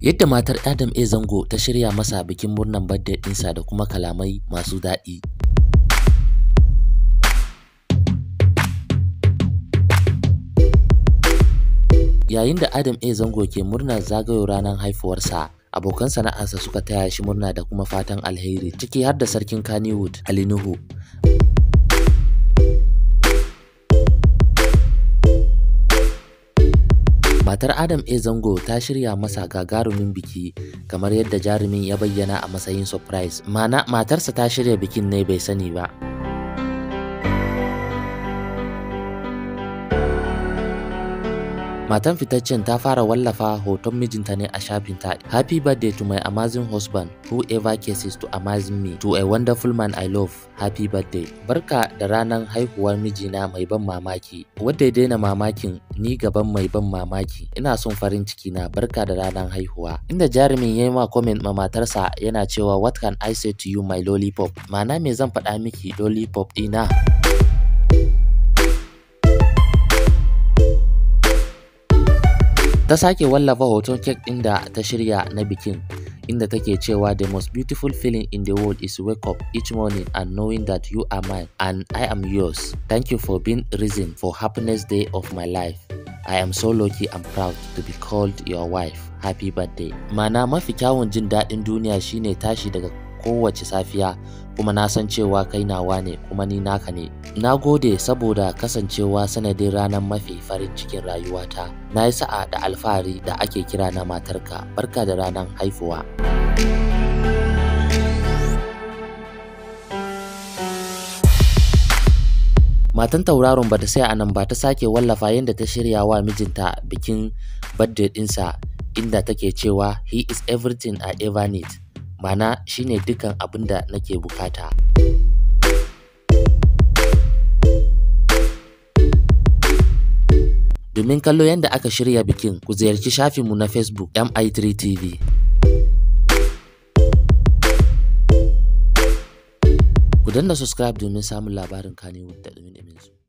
Yadda matar Adam A. Zango ta shirya masa bikin murnan birthday ɗinsa da kuma kalamai masu daɗi. Yayin da Adam A. Zango ke murna zagayo ranar haifuwarsa, abokan sana'arsa suka taya shi murna da kuma fatan alheri ciki har da sarkin Kannywood Alinuhu. Nuhu. Matar Adam A. Zango ta shirya masa gagarumin biki kamar yadda jarumin ya bayyana a matsayin surprise. Mana matarsa ta shirya bikin ne bai sani ba. Matan fitaccen ta fara wallafa hoton mijinta ne a shafinta Happy birthday to my amazing husband whoever kisses to amazing me to a wonderful man I love happy birthday. Barka da ranar haihuwar mijina mai ban mamaki wadda ya daina mamakin ni gaban mai ban mamaki ina son farin ciki na barka da ranar haihuwa. Inda jarumin ya yi ma comment ma matarsa yana cewa what can I say to you my lollipop ma'ana me zan faɗa miki lollipop ɗina. ta sake wallafa hoton kek ɗin da ta shirya na bikin inda take cewa the most beautiful feeling in the world is wake up each morning and knowing that you are mine and I am yours. Thank you for being reason for happiness day of my life. I am so lucky and proud to be called your wife. Happy birthday. Mana mafi kyawun jin daɗin duniya shine tashi daga kowace safiya kuma na san cewa kai nawa ne kuma ni naka ne na gode saboda kasancewa sanadin ranar mafi farin cikin rayuwata na yi sa'a da alfahari da ake kira na matarka barka da ranar haifuwa matan tauraron ba ta sai a nan ba ta sake wallafa yadda ta shirya wa mijinta bikin birthday dinsa inda take cewa he is everything i ever need Ma'ana shine dukan abin da nake bukata. Domin kallo yadda aka shirya bikin, ku ziyarci shafinmu na Facebook MI3 TV. Ku danna subscribe domin samun labarin Kannywood da ɗumin su.